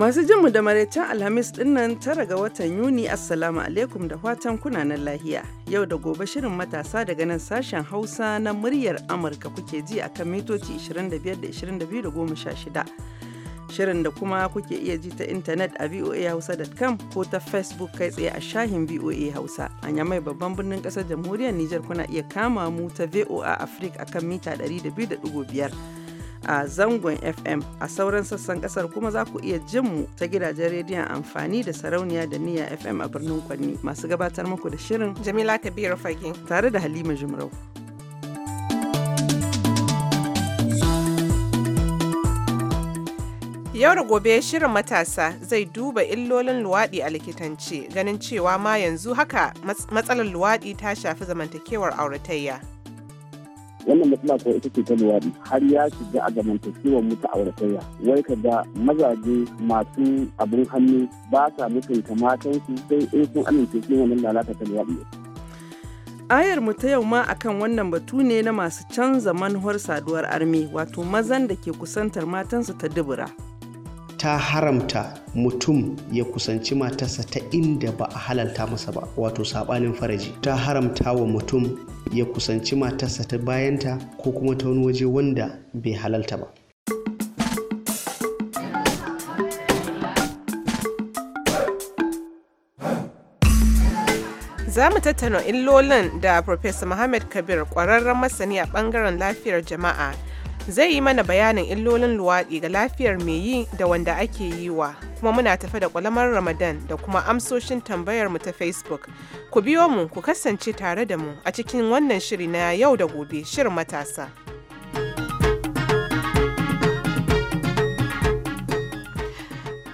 Masu jinmu da maraicen Alhamis dinnan tara ga watan Yuni Assalamu alaikum da fatan kunanan lahiya. Yau da gobe shirin matasa daga nan sashen Hausa na muryar Amurka kuke ji akan mitoci 25 da 22 16. Shirin da kuma kuke iya ji ta intanet a voahausa.com ko ta Facebook kai tsaye a shahin VOA Hausa. A mai babban birnin kasar jamhuriyar Nijar kuna iya kama mu ta VOA Africa akan mita 200.5. a zangon FM a sauran sassan kasar kuma za ku iya jin mu ta gidajen rediyon amfani da sarauniya da niyya FM a birnin Kwanni masu gabatar muku da shirin Jamila Kabiru Fage tare da Halima Jumrau. Yau da gobe shirin matasa zai duba illolin luwaɗi a likitance ganin cewa ma yanzu haka matsalar luwaɗi ta shafi zamantakewar auratayya. wannan matsala ko ita ce ta luwaɗi har ya shiga a zamantakewar mutu a auratayya wai ka ga mazaje masu abin hannu ba sa mutunta matansu sai in sun amince su wannan lalata ta luwaɗi ayar mu ta yau ma akan wannan batu ne na masu canza manuwar saduwar armi wato mazan da ke kusantar matansu ta dubura ta haramta mutum ya kusanci matarsa ta inda ba a halalta masa ba wato sabanin faraji ta haramta wa mutum ya kusanci matarsa ta bayanta ko kuma ta wani waje wanda bai halalta ba za mu tattauna illolin da Profesa Muhammad Kabir kwararren masani a ɓangaren lafiyar jama'a zai yi mana bayanin illolin luwaɗi ga lafiyar mai yi da wanda ake yi wa kuma muna tafe da kwalamar ramadan da kuma amsoshin tambayar mu ta facebook ku biyo mu ku kasance tare da mu a cikin wannan shiri na yau da gobe shirin matasa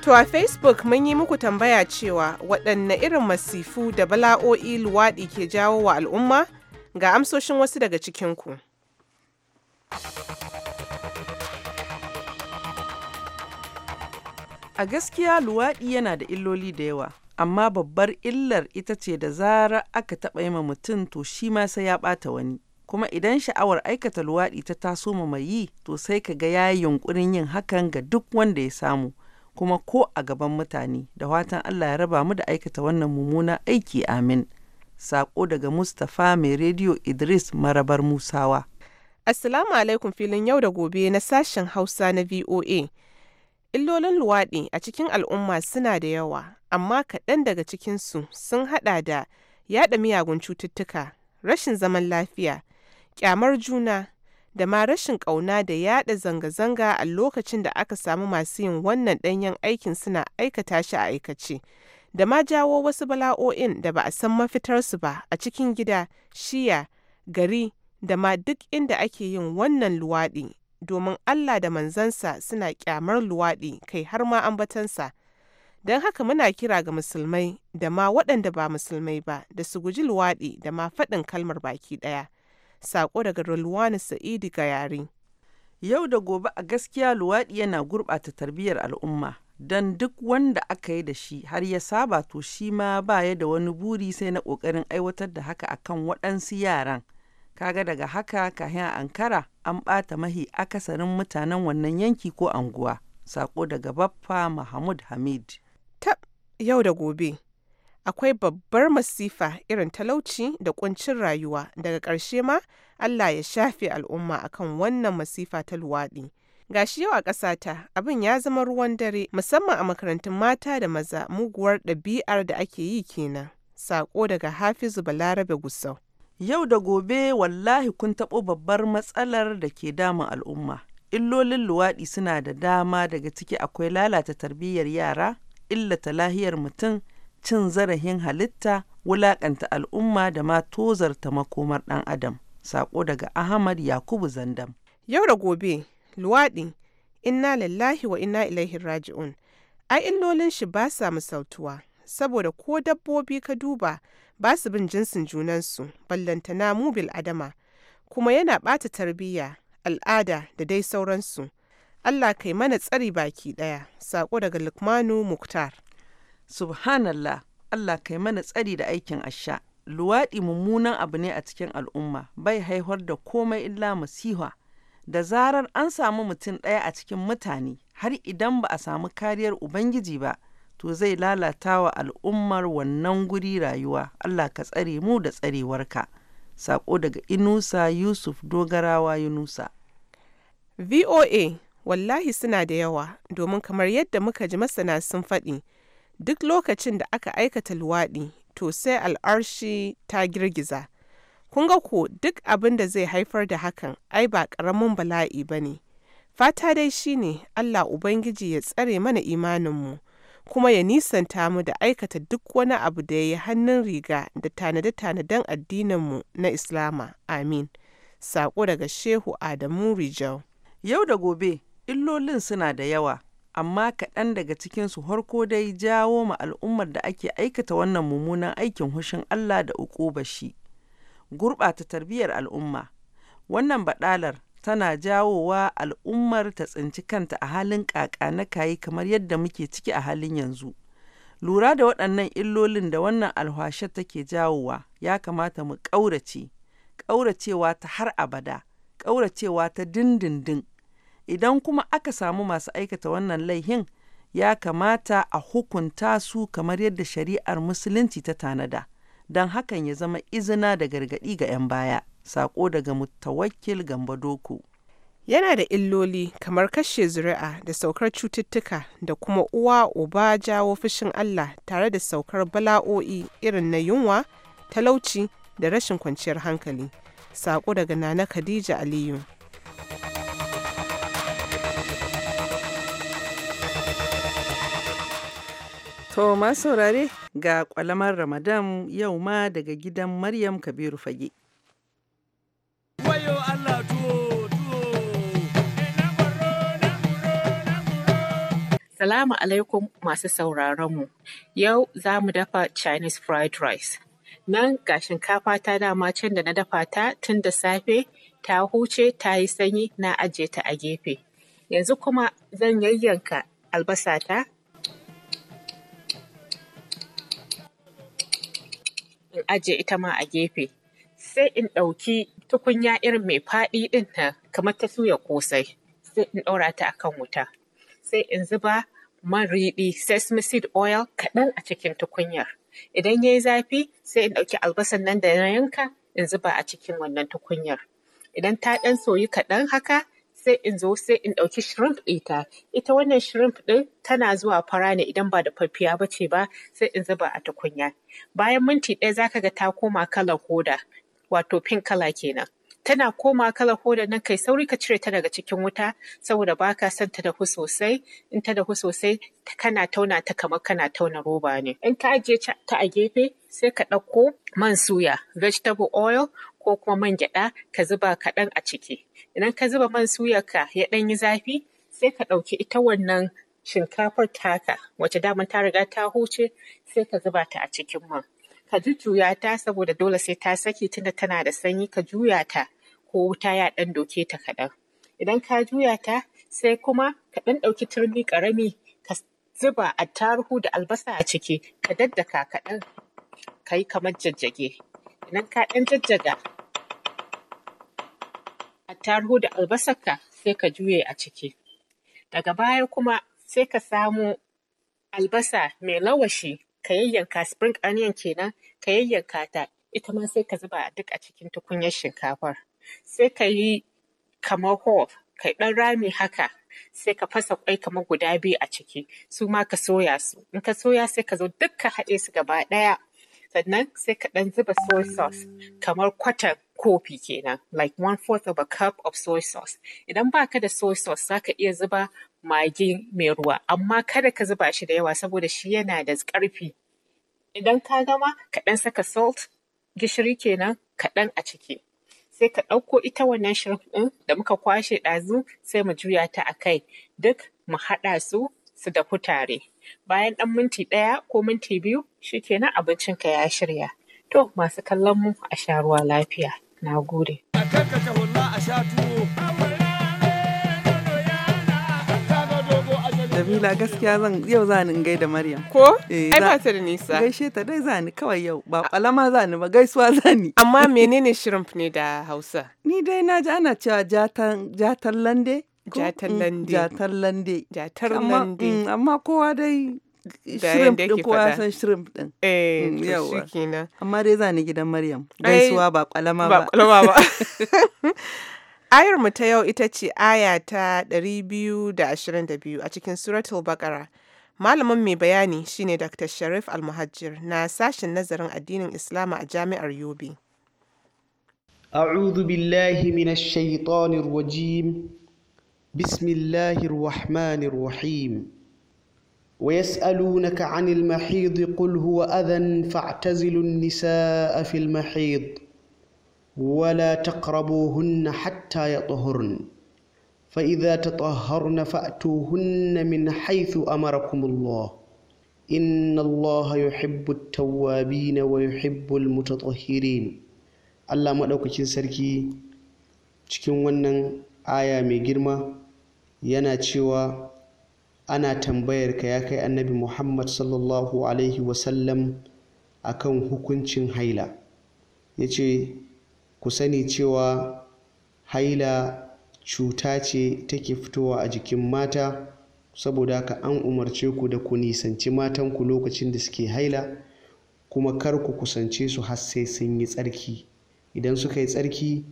To a Facebook mun yi muku tambaya cewa waɗanne irin masifu da bala'o'i luwaɗi ke jawo wa al'umma ga amsoshin wasu daga cikinku. ku. A gaskiya luwaɗi yana da illoli da yawa, amma babbar illar ita ce da zarar aka taɓa yi ma mutum to shi ma sai ya ɓata wani. Kuma idan sha'awar aikata luwaɗi ta taso ma mai yi, to sai ka ga ya yi yunƙurin yin hakan ga duk wanda ya samu, kuma ko a gaban mutane, da watan Allah ya raba mu da aikata wannan mummuna aiki amin. Sako daga Mustapha mai rediyo Idris Marabar Musawa. Assalamu alaikum filin yau da gobe na sashen Hausa na VOA. Illolin luwaɗi a cikin al'umma suna da yawa, amma kaɗan daga cikinsu sun haɗa da yaɗa miyagun cututtuka, rashin zaman lafiya, ƙyamar juna, da ma rashin ƙauna da yaɗa zanga-zanga a lokacin da aka samu masu yin wannan ɗanyen aikin suna aikata shi a aikace, da ma jawo wasu bala'o'in da ba a san mafitarsu ba a cikin gida, shiya, gari, da ma duk inda ake yin wannan luwaɗi domin Allah da manzansa suna kyamar luwaɗi kai har ma ambatansa. Don haka muna kira ga musulmai da ma waɗanda ba musulmai ba da su guji luwaɗi da ma faɗin kalmar baki ɗaya. Sako daga Rulwani Sa'idi ga yare. Yau da gobe a gaskiya luwaɗi yana gurɓata tarbiyyar al'umma. Don duk wanda aka yi da shi har ya saba to shi ma baya da wani buri sai na ƙoƙarin aiwatar da haka akan waɗansu yaran. Kaga daga haka kahin ankara an ɓata mahi akasarin mutanen wannan yanki ko anguwa. Sako daga Baffa Mahmud Hamid. Ta yau da gobe. Akwai babbar masifa irin talauci da kuncin rayuwa daga ƙarshe ma Allah ya shafe al'umma akan wannan masifa ta luwaɗi. Gashi yau a ƙasata abin ya zama ruwan dare musamman a makarantun mata da maza muguwar ɗabi'ar da ake yi kenan. Sako daga Hafizu Balarabe Gusau. Yau da gobe wallahi kun taɓo babbar matsalar da ke damun al'umma. Illolin luwaɗi suna da dama daga ciki akwai lalata tarbiyyar yara, illata lahiyar mutum, cin zarafin halitta, wulaƙanta al'umma da ma tozarta makomar ɗan adam. Sako daga Ahmad Yakubu Zandam. Yau da gobe, luwaɗi, inna lillahi wa inna ilaihi raji'un. Ai illolin shi ba sa misaltuwa, saboda ko dabbobi ka duba ba su bin jinsin junansu ballantana mu bil adama kuma yana ɓata tarbiyya al'ada da dai sauransu Allah kai mana tsari baki ɗaya sako daga Lukmanu Muktar. Subhanallah Allah kai mana tsari da aikin asha luwaɗi mummunan abu ne a cikin al'umma bai haihuwar da komai illa masiha da zarar an samu mutum ɗaya a cikin mutane har idan ba a samu kariyar Ubangiji ba to zai lalata wa al'ummar wannan guri rayuwa Allah ka tsare mu da tsarewarka sako daga inusa yusuf dogarawa yunusa voa wallahi suna da yawa domin kamar yadda muka ji masana sun faɗi duk lokacin da aka aikata luwaɗi to sai al'arshi ta girgiza kun ga ko duk abin da zai haifar da hakan ai ba ƙaramin bala'i ba ne fata dai shine allah ubangiji ya tsare mana imaninmu kuma ya nisanta mu da aikata duk wani abu da ya yi hannun riga da tanade-tanaden addininmu na Islama. Amin. Saƙo daga Shehu Adamu Rijau. Yau da gobe, illolin suna da yawa, amma kaɗan daga cikinsu harko dai jawo ma al'ummar da ake aikata wannan mummunan aikin hushin Allah da uƙuba shi. Gurɓata tarbiyyar al'umma. Wannan baɗalar tana jawowa al'ummar ta tsinci kanta a halin ƙaƙa na kayi kamar yadda muke ciki a halin yanzu. Lura da waɗannan illolin da wannan alhwashar take jawowa ya kamata mu ƙaurace, ƙauracewa ta har abada, ƙauracewa ta dindindin. Idan kuma aka samu masu aikata wannan laihin ya kamata a hukunta su kamar yadda shari'ar musulunci ta tanada, don hakan ya zama izina da gargaɗi ga 'yan baya. Sako daga Mutawakkil Gambadoko. Yana da illoli kamar kashe zuri'a da saukar cututtuka da kuma uwa uba jawo fushin Allah tare da saukar bala'o'i irin na yunwa, talauci da rashin kwanciyar hankali. Sako daga Nana Khadija Aliyu. To masu saurare ga kwalamar Ramadan yau ma daga gidan Maryam Kabiru Fage. Assalamu alaikum masu sauraron mu. Yau za mu dafa Chinese fried rice. Nan ga shinkafa ta dama can da na dafa ta tun da safe ta huce ta yi sanyi na ajiye ta a gefe. Yanzu kuma zan yayyanka albasa ta. In ajiye ita ma a gefe. Sai in ɗauki tukunya irin mai faɗi ɗin ta kamar ta suya kosai. Sai in ɗaura ta akan wuta. sai in zuba man riɗi, sesame seed oil kaɗan a cikin tukunyar. Idan ya yi zafi sai in ɗauki albasan nan da na yanka in zuba a cikin wannan tukunyar. Idan ta ɗan soyu kaɗan haka sai in zo sai in ɗauki shrimp ɗita. Ita wannan shrimp ɗin tana zuwa fara ne idan ba da fafiya ba ce ba sai in zuba a tukunya. Bayan minti ɗaya za ka ga ta koma kalar hoda wato pink kala kenan. tana koma kalar hoda nan kai sauri ka cire ta daga cikin wuta saboda ba ka son ta dahu sosai in ta dahu sosai kana tauna ta kamar kana tauna roba ne in ka ajiye ta a gefe sai ka ɗauko man suya vegetable oil ko kuma man gyaɗa ka zuba kaɗan a ciki idan ka zuba man suya ka ya ɗan yi zafi sai ka ɗauki ita wannan shinkafar taka wacce daman ta riga ta huce sai ka zuba ta a cikin man ka jujjuya ta saboda dole sai ta saki tunda tana da sanyi ka juya ta ko wuta ya ɗan doke ta kaɗan. Idan ka juya ta sai kuma ka ɗan ɗauki turmi ƙarami ka zuba attaruhu da albasa a ciki ka daddaka kaɗan ka yi kamar jajjage. Idan ka ɗan jajjaga tarhu da albasarka sai ka juye a ciki. Daga baya kuma sai ka samu albasa mai lawashi ka yayyanka spring onion kenan ka yayyanka ta ita ma sai ka zuba duk a cikin tukunyar shinkafar. sai ka yi kamar ka kai ɗan rami haka sai ka fasa kwai kamar guda biyu a ciki su ma ka soya su in ka soya sai ka zo dukka haɗe su gaba ɗaya sannan sai ka ɗan zuba soy sauce kamar kwatan kofi kenan like one fourth of a cup of soy sauce idan ba ka da soy sauce za ka iya zuba magi mai ruwa amma kada ka zuba shi da yawa saboda shi yana da ƙarfi idan ka gama ka ɗan saka salt gishiri kenan kaɗan a ciki sai ka ɗauko ita wannan shrimp ɗin da muka kwashe ɗazu sai mu juya ta a kai duk mu haɗa su su dafu tare bayan ɗan minti ɗaya ko minti biyu shi shikenan abincinka ya shirya to masu kallon mu a sha ruwa lafiya na gode a Jamila gaskiya zan yau za ni da Maryam. Ko? Eh, Ai ba ta da nisa. Gaishe ta dai za ni kawai yau ba kwalama za ni ba gaisuwa za ni. Amma menene shrimp ne da Hausa? Ni dai na ji ana cewa jatan lande. Jatan lande. Jatan lande. Jatan lande. Mm, amma kowa dai shrimp din kowa san shrimp din. Eh, mm, kenan. Amma dai za ni gidan Maryam. Gaisuwa ba kwalama ba. Ba kwalama ba. Ayar mu ta yau ita ce aya ta 222 a cikin Suratul Baqara. Malamin mai bayani shine Dr. Sharif Almuhajjir na sashen nazarin addinin Islama a Jami'ar Yobe. أعوذ بالله من الشيطان الرجيم بسم الله الرحمن الرحيم ويسألونك عن المحيض قل هو أذى فاعتزلوا النساء في المحيض ولا تقربوهن حتى يطهرن فإذا تطهرن فأتوهن من حيث أمركم الله إن الله يحب التوابين ويحب المتطهرين Allah maɗaukacin sarki cikin wannan aya mai girma yana cewa ana tambayar ka ya kai annabi Muhammad sallallahu Alaihi wasallam a kan hukuncin haila ya ce ku sani cewa haila cuta ce take fitowa a jikin mata saboda ka an umarce ku da ku nisanci matanku lokacin da suke haila kuma kar ku kusance su har sai sun yi tsarki idan suka yi tsarki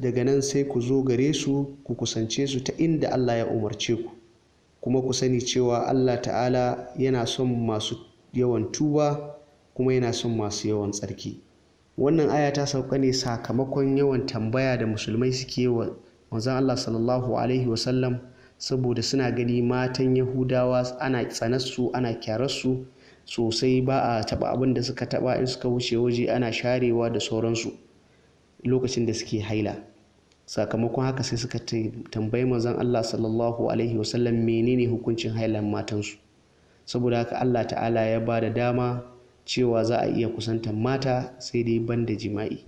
daga nan sai ku zo gare su ku kusance su ta inda allah ya umarce ku kuma ku sani cewa allah ta'ala yana son masu yawan tuba kuma yana son masu yawan tsarki wannan aya ta sauka ne sakamakon yawan tambaya da musulmai suke wa manzon Allah sallallahu alaihi wasallam saboda suna gani matan yahudawa ana tsanarsu ana kyararsu sosai ba a taba abin da suka taba in suka wuce waje ana sharewa da sauransu lokacin da suke haila sakamakon haka sai suka tambayi manzon Allah sallallahu alaihi wasallam menene hukuncin hailan matansu saboda haka Allah ta'ala ya ba da dama cewa za a iya kusantar mata sai dai banda jima'i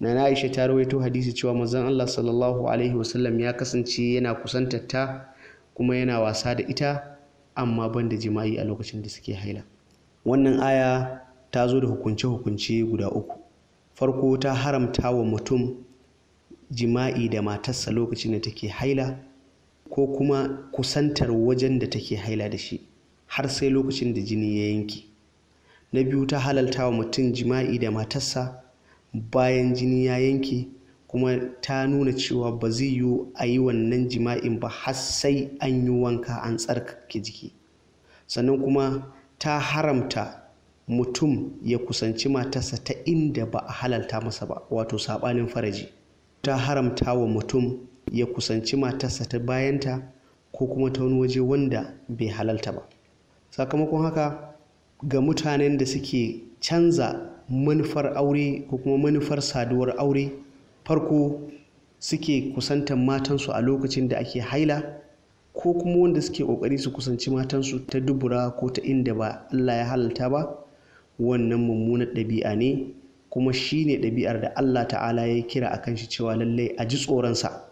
Nana Aisha ta rawaito hadisi cewa mazan Allah sallallahu alaihi wasallam ya kasance yana kusantar ta kuma yana wasa da ita amma banda jima'i a lokacin da suke haila wannan aya ta zo da hukunce-hukunce guda uku farko ta haramta wa mutum jima'i da matarsa lokacin da take haila ko kuma kusantar wajen da take haila da shi har sai lokacin da jini ya yanke na biyu ta halalta wa mutum jima'i da matarsa bayan jini ya yanke kuma ta nuna cewa ba zai yiwu a yi wannan jima'in ba har sai an yi wanka an tsarkake jiki sannan kuma ta haramta mutum ya kusanci matarsa ta inda ba a halalta masa ba wato saɓanin faraji ta haramta wa mutum ya kusanci matarsa ta bayanta ko kuma ta wani waje wanda bai halalta ba sakamakon haka ga mutanen da suke canza manufar aure ko kuma manufar saduwar aure farko suke kusantar matansu a lokacin da ake haila ko kuma wanda suke kokari su kusanci matansu ta dubura ko ta inda ba Allah ya halalta ba wannan mummunar ɗabi'a ne kuma shi ne ɗabi'ar da Allah ta'ala ya kira a kanshi cewa lallai a ji tsoronsa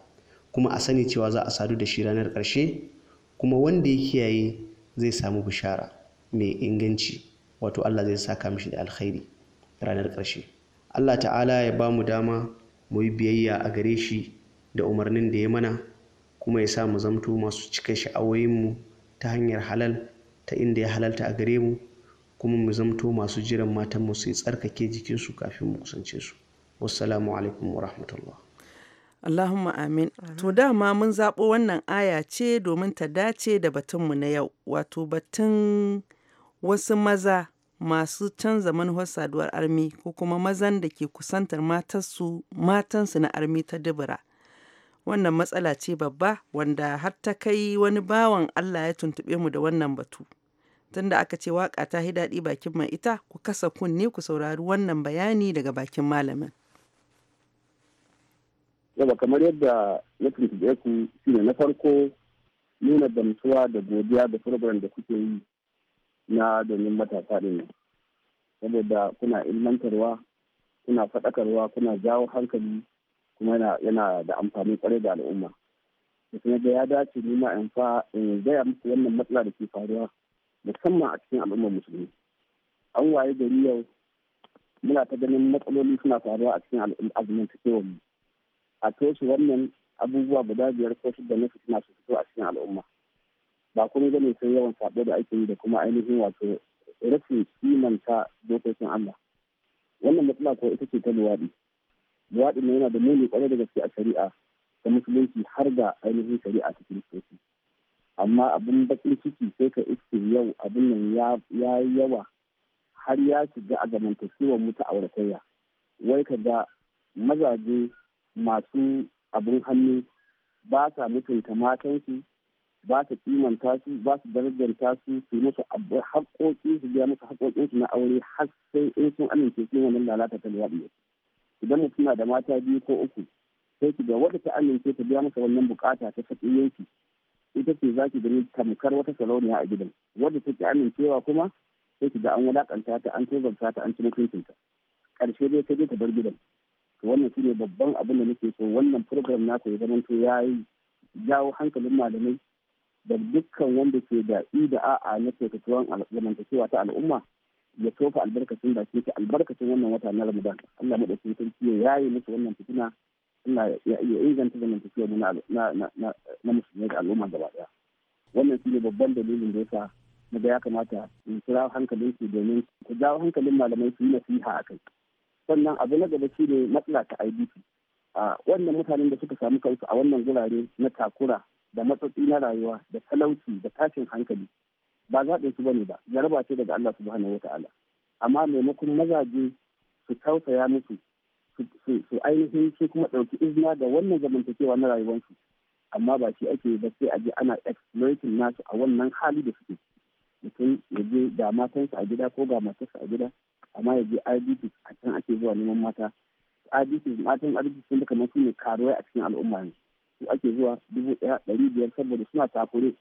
kuma a sani cewa za a sadu da shi ranar ƙarshe kuma wanda ya kiyaye zai samu bishara mai inganci wato Allah zai saka mishi da alkhairi ranar ƙarshe Allah ta'ala ya ba mu dama mu yi biyayya a gare shi da umarnin da ya mana kuma ya sa mu zamto masu cika mu ta hanyar halal ta inda ya halalta a gare mu kuma mu zamto masu jiran matanmu su yi tsarkake jikinsu kafin mu kusance su wassalamu alaikum wa rahmatullah Allahumma amin. To dama mun zaɓo wannan aya ce domin ta dace da batunmu na yau, wato batun wasu maza masu canza manufar saduwar armi ko kuma mazan da ke kusantar matarsu matansu na armi ta dubura wannan matsala ce babba wanda har ta kai wani bawan Allah ya tuntuɓe mu da wannan batu tunda aka ce waka ta yi daɗi bakin mai ita ku kasa kunne ku saurari wannan bayani daga bakin malamin yaba kamar yadda ya tuntube ku shine na farko nuna damsuwa da godiya da program da kuke yi na domin matasa ne saboda kuna ilmantarwa kuna faɗakarwa kuna jawo hankali kuma yana da amfani kwarai da al'umma da kuma ya dace ni ma in fa in gaya musu wannan matsala da ke faruwa musamman a cikin al'ummar musulmi an waye gari yau muna ta ganin matsaloli suna faruwa a cikin azumin mu a toshe wannan abubuwa guda biyar ko da na fitina su fito a cikin al'umma ba kuma bane sai yawan sabo da ake yi da kuma ainihin wato rashin kimanta dokokin Allah wannan matsala ko ita ce ta luwaɗi luwaɗi ne yana da muni kwarai da gaske a shari'a ta musulunci har da ainihin shari'a ta kiristoci amma abin bakin ciki sai ka iske yau abin nan ya yawa har ya shiga a zamantakewar mu ta auratayya wai ka ga mazaje masu abin hannu ba sa mutunta matansu ba su kimanta su ba su darajanta su su musu haƙoƙi su biya musu haƙoƙin su na aure har sai in sun amince su wannan lalata ta luwaɗi idan mutum na da mata biyu ko uku sai ki ga ta amince ta biya masa wannan bukata ta yanki ita ce za ki gani tamkar wata sarauniya a gidan wadda take amincewa kuma sai ki ga an wulaƙanta ta an tozarta ta an ci mutuncinta ƙarshe dai ta je ta bar gidan to wannan shine babban abin da nake so wannan program na ya zamanto ya yi jawo hankalin malamai da dukkan wanda ke da i da a'a na kyautatuwan zamantakewa ta al'umma ya tofa albarkacin da ke albarkacin wannan wata na ramadan allah maɗauki ciye ya yi musu wannan fitina allah ya inganta zamantakewa na musulmai da al'umma gaba ɗaya wannan shi ne babban dalilin da yasa na ga ya kamata in kira hankalin su domin ku jawo hankalin malamai su yi nasiha a kai sannan abu na gaba shi ne matsala ta idp wannan mutanen da suka samu kansu a wannan gurare na takura da matsatsi na rayuwa da talauci da tashin hankali ba zaɓin su bane ba jaraba ce daga Allah subhanahu wa ta'ala amma maimakon mazaje su tausaya musu su ainihin su kuma ɗauki izina da wannan zamantakewa na rayuwarsu amma ba shi ake ba sai a je ana exploiting nasu a wannan hali da suke mutum ya je ga matansa a gida ko ga matarsa a gida amma ya je IDP a can ake zuwa neman mata IDP matan IDP sun da kamar su ne karuwa a cikin al'umma ne su ake zuwa dubu ɗaya ɗari biyar saboda suna takure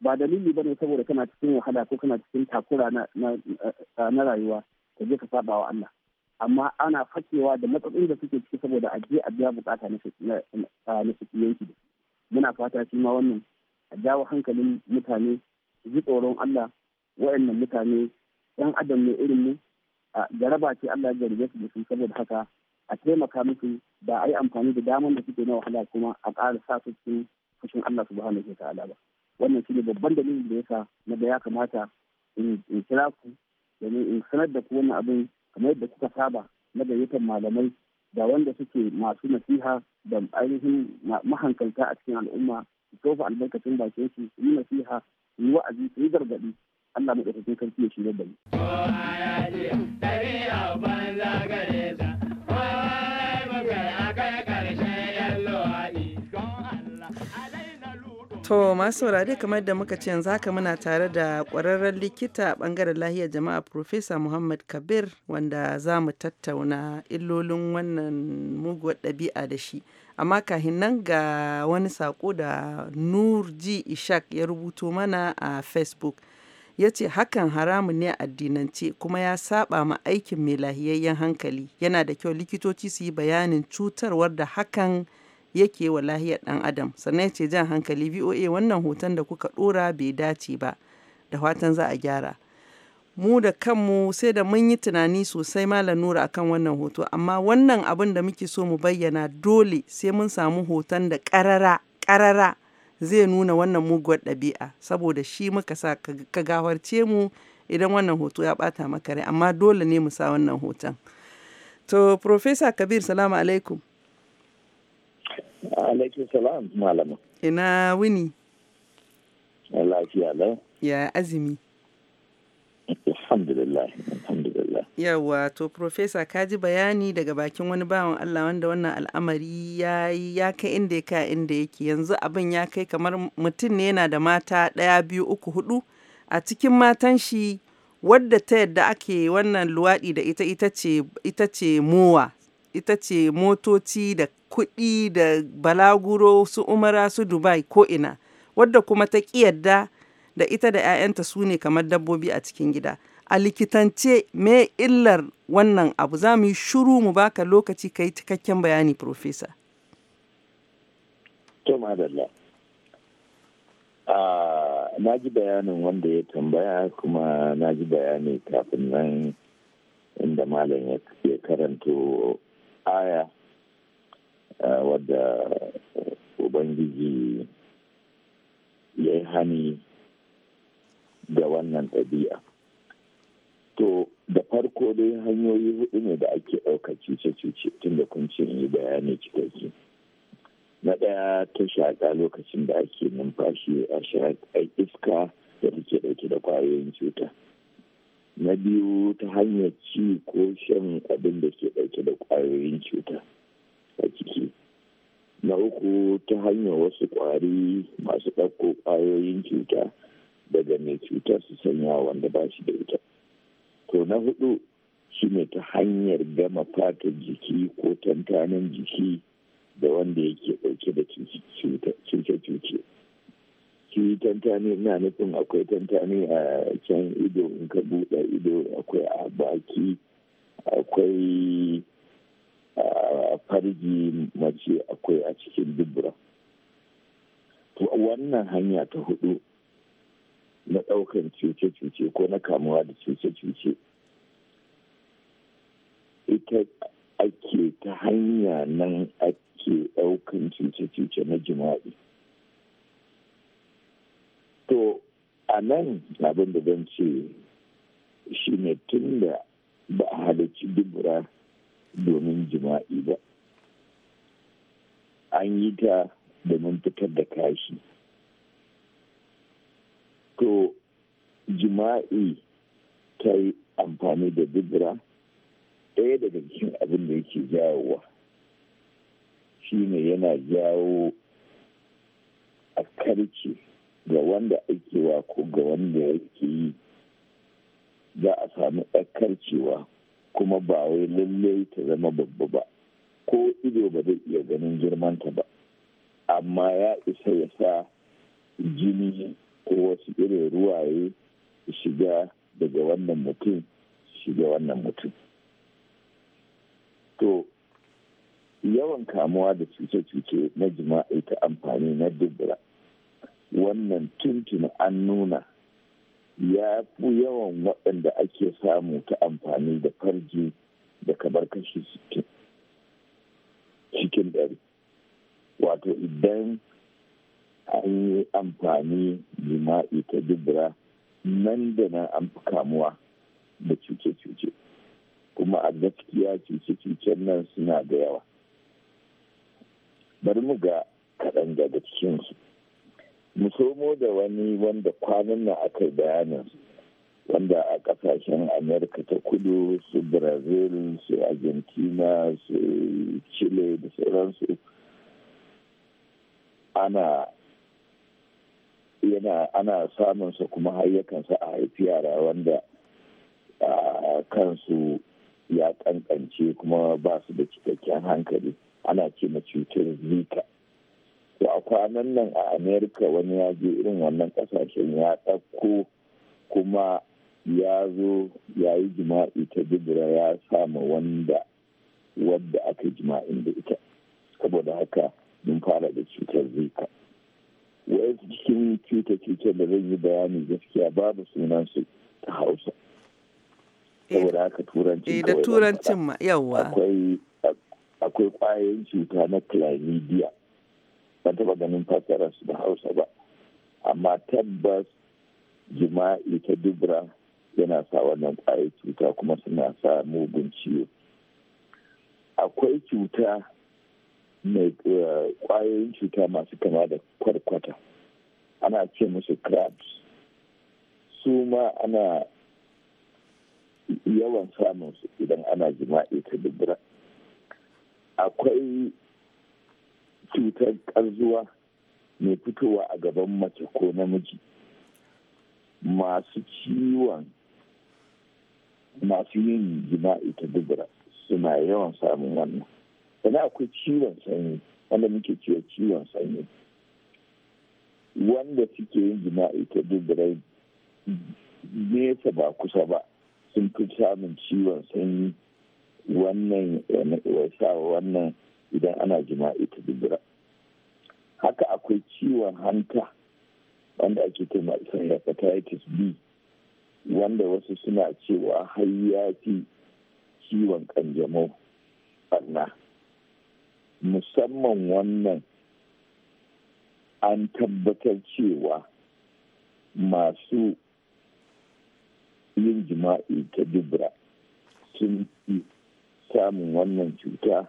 ba dalili ba ne saboda kana cikin wahala ko kana cikin takura na eh, rayuwa ka je ka saba wa Allah amma ana fakewa da matsatsin da suke ciki saboda a je a biya bukata na yanki da muna fata shi ma wannan a jawo hankalin mutane ji tsoron Allah waɗannan mutane ɗan adam ne irin mu jaraba ce Allah ya su da su saboda haka a taimaka musu da a yi amfani da daman da suke na wahala kuma a ƙara sa su cikin fushin Allah subhanahu wa ta'ala ba wannan shine babban dalilin da yasa na da ya kamata in kira ku domin in sanar da ku wannan abin kamar yadda kuka saba na gayyatar malamai da wanda suke masu nasiha da ainihin mahankalta a cikin al'umma su tofa albarkacin bakin su yi nasiha yi wa'azi su yi gargaɗi Allah maɗaukakin sarki ya shirya da mu. banza gare To masu saurare kamar da muka ce yanzu haka muna tare da kwararren likita a ɓangaren lahiyar jama'a Profesa Muhammad Kabir wanda za mu tattauna illolin wannan muguwar ɗabi'a da shi. Amma kahin nan ga wani saƙo da nur ji Ishak ya rubuto mana a Facebook. ya ce hakan haramun ne a addinance kuma ya saba ma aikin mai lahiyayyen hankali yana da kyau likitoci su yi bayanin cutarwar da hakan yake wa lahiyar ɗan adam sannan ce jan hankali voa wannan hoton da kuka ɗora bai dace ba da fatan za a gyara mu da kanmu sai da mun yi tunani sosai malam nura akan wannan hoto amma wannan abin da muke so mu bayyana dole sai mun samu hoton da karara karara zai nuna wannan muguwar ɗabi'a saboda shi muka sa ka gawarce mu idan wannan hoto ya ɓata maka rai amma dole ne mu sa wannan hoton to profesa kabir salamu alaikum Alaikum salam malama. Ina wuni. Ya azumi. Alhamdulillah, Yawa, to Profesa ka ji bayani daga bakin wani bawan Allah wanda wannan al'amari ya ya kai inda ya ka inda yake yanzu abin ya kai kamar mutum ne yana da mata ɗaya biyu uku hudu a cikin matan shi wadda ta yadda ake wannan luwaɗi da ita ita ce mowa ita ce motoci da kuɗi da balaguro su umara su dubai ko ina wadda kuma ta yarda da ita da 'ya'yanta su ne kamar dabbobi a cikin gida a likitance me illar wannan abu za mu yi shuru mu baka lokaci ka yi cikakken bayani profesa ah, na ji bayanin wanda ya tambaya kuma na ji bayani kafin nan inda malam ya karanto aya eh, wadda ubangiji ya yi hani ga wannan ɗabi'a to da farko dai hanyoyi hudu ne da ake ɗauka cuce-cuce tun da kun ce yi bayani cikakke na ɗaya ta shaƙa lokacin da ake numfashi a iska da take ɗauke da kwayoyin cuta na biyu ta hanyar ci ko shan abin da ke ɗauke da kwayoyin cuta a ciki na uku ta hanyar wasu ƙwari masu ɗauko ƙwayoyin cuta daga mai cutar su sanya wanda ba shi da ita to na hudu shi ne ta hanyar gama fata jiki ko tantanin jiki da wanda yake ɗauke da cuce-cuce shi tantani na nufin akwai tantani a can ido in ka buɗe ido akwai a baki akwai a farji mace akwai a cikin dubura to wannan hanya ta hudu na ɗaukan cuce-cuce ko na kamuwa da cuce-cuce ita ake ta hanya nan ake ɗaukan cuce-cuce na jima'i to a nan abin da zan ce shi ne tun da ba a halarci dubura domin jima'i ba an yi ta domin fitar da kashi to jima'i ta yi amfani da dubura ɗaya daga cikin abin da yake jawowa shi shine yana jawo a karce ga wanda ake wa ko ga wanda yake yi za a samu cewa kuma ba wai lallai ta zama babba ba ko ido ba zai iya ganin girmanta ba amma ya isa ya sa jini ko wasu irin ruwaye shiga daga wannan mutum shiga wannan mutum to yawan kamuwa da cuce-cuce na jima'i ta amfani na dubura wannan tuntun an nuna ya fi yawan waɗanda ake samu ta amfani da farji da kamar kashi cikin ɗari wato idan an yi amfani jima'i ta dubura nan da nan an fi kamuwa da cuce-cuce kuma a gaskiya cuce-cucen nan suna da yawa bari mu ga kaɗan daga cikinsu mu somo da wani wanda kwanan nan aka bayanin wanda a kasashen amerika ta kudu su brazil su argentina su chile da sauransu ana yana ana samunsa kuma har a haifi yara wanda a kansu ya kankance kuma ba su da cikakken hankali ana ce na cutar zika to a kwanan nan a amerika wani ya je irin wannan kasashen ya ɗauko kuma ya zo ya yi jima'i ta dubura ya samu wanda wadda aka jima'in da ita saboda haka mun fara da cutar zika wai cikin cutar cutar da zai yi bayani gaskiya babu sunansu ta hausa eh, saboda haka turanci eh, da turancin ma yawa akwai kwayoyin cuta na chlamydia ban taba ganin fassara su da hausa ba amma tabbas jima'i ta dubra yana sa wannan ƙwayar cuta kuma suna sa mugun ciwo akwai cuta mai eh, ƙwayoyin cuta masu kama da kwarkwata ana ce musu crabs su ma ana yawan samun su idan ana jima'i ta dubura akwai cutar ƙarzuwa mai fitowa a gaban mace ko namiji masu ciwon masu yin jima'i ta dubura suna yawan samun wannan sannan akwai ciwon sanyi wanda muke cewa ciwon sanyi wanda suke yin jima'i ta dubura nesa ba kusa ba sun fi samun ciwon sanyi wannan sa wannan idan ana jima'i ta dubura haka akwai ciwon hanta wanda ake kema hepatitis b wanda wasu suna cewa har ya fi ciwon kanjamau barna musamman wannan an tabbatar cewa masu yin jima'i ta dubra sun fi samun wannan cuta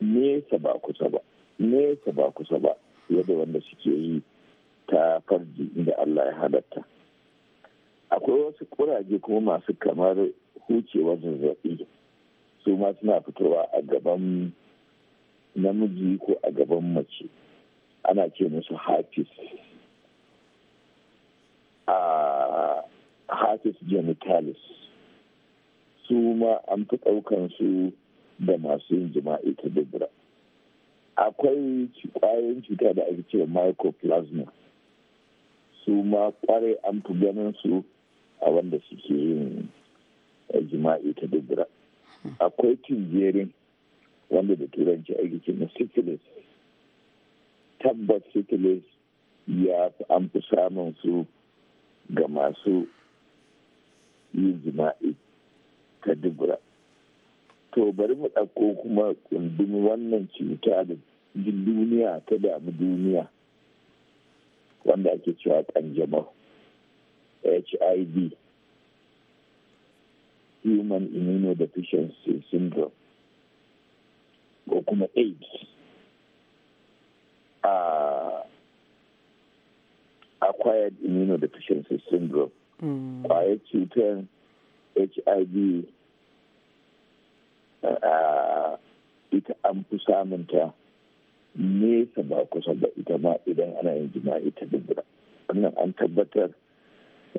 nesa ba kusa ba nesa ba kusa ba fiye da wanda suke yi ta farji inda Allah ya halatta. Akwai wasu kuraje kuma masu kamar hucewar zazzaɓi su ma suna fitowa a gaban namiji ko a gaban mace ana ce musu hafis A hafiz genitalis su ma an fi ɗaukansu da masu yin jima'i ta dubura. akwai kwayoyin cuta da ake cewa mycoplasma su ma kware an fi ganin su a wanda suke yin eh, jima'i ta dubura akwai tinjerin wanda da turanci ake na syphilis tabbas syphilis ya an fi samun su ga masu yin jima'i ta dubura to bari mu ɗauko kuma kundin wannan cuta da duniya ta damu duniya wanda ake cewa kanjamau hiv human immunodeficiency syndrome ko kuma aids a acquired immunodeficiency syndrome hmm. kwayar cutar hiv ita an fi samun ta. nesa ba kusa ba ita ma idan ana yin jima'i ta dubura wannan an tabbatar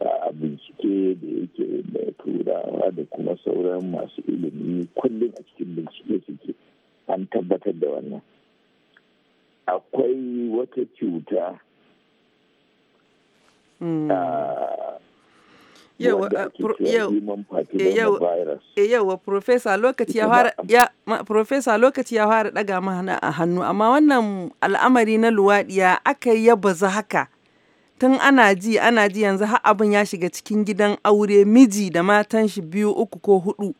a bincike da yake da turawa da kuma sauran masu ilimi kullum a cikin bincike suke an tabbatar da wannan akwai wata cuta hmm. yawa eh, eh, eh, profesa lokaci ya fara daga mana a hannu amma wannan al'amari na luwaɗiya aka yabaza haka tun ana ji ana ji yanzu har abin ya shiga cikin gidan aure miji da matan shi biyu uku ko hudu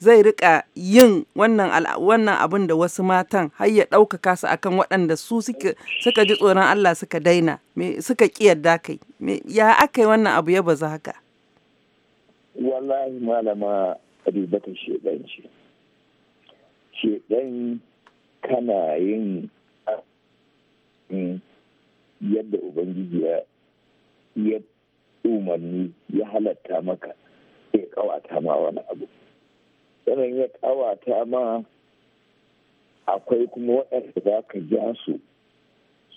zai rika yin wannan wannan abin da wasu matan har ya ɗaukaka su akan waɗanda su suka ji tsoron Allah suka daina suka ƙi da kai ya aka wannan abu ya baza haka wallahi malama ribata shedan ce shedan kana yin yadda ubangiji ya umarni ya halatta maka ya kawata ma wani abu sannan ya kawata ma akwai kuma waɗanda za ka ja su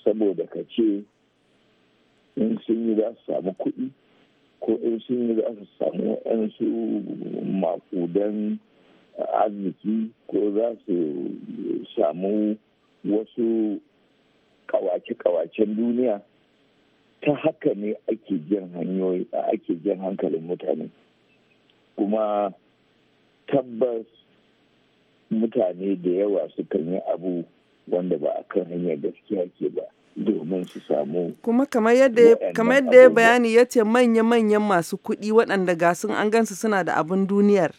saboda ka ce in sun yi za su samu kuɗi ko sun yi za su samu su makudan arziki ko za su samu wasu kawace-kawacen duniya ta haka ne ake jan hanyoyi ake jan hankalin mutane kuma tabbas mutane da yawa sukan yi abu wanda ba a kan hanyar gaskiya ke ba domin su samu kuma kamar yadda yadda ya bayani ya ce manya-manyan masu kuɗi waɗanda ga sun an gansu suna da abin duniyar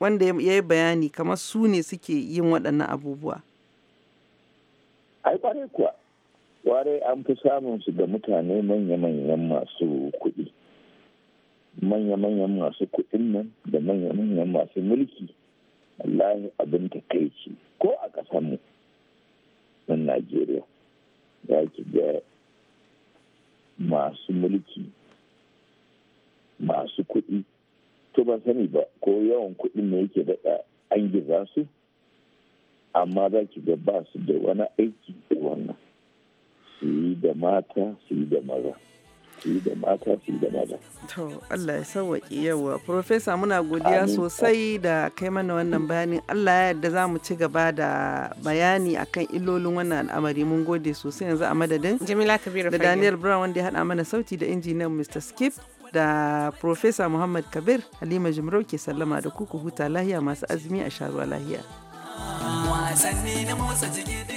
wanda ya yi bayani kamar su ne suke yin waɗannan abubuwa ai kwarai kuwa kwarai an fi samun su da mutane manya-manyan masu kuɗi manya-manyan masu kuɗin nan da manya-manyan masu mulki Allah abin takaici ko a ƙasarmu na najeriya za ki masu mulki masu kuɗi to ban sani ba ko yawan kuɗin ne yake daɗa an giza su amma za ki ga ba su da wani aiki da wannan su yi da mata su yi da maza. su yi da mata su yi da mata. To Allah ya sauwaƙi yawa. Profesa muna godiya sosai da kai mana wannan bayanin Allah ya yarda za mu ci gaba da bayani akan illolin wannan al'amari mun gode sosai yanzu a madadin. Jamila Kabiru Da Daniel Brown wanda ya haɗa mana sauti da injiniyan Mr. Skip. Da Profesa Muhammad Kabir Halima Jimrau ke sallama da kuku huta lahiya masu azumi a sharuwa lahiya. Wasanni na motsa jiki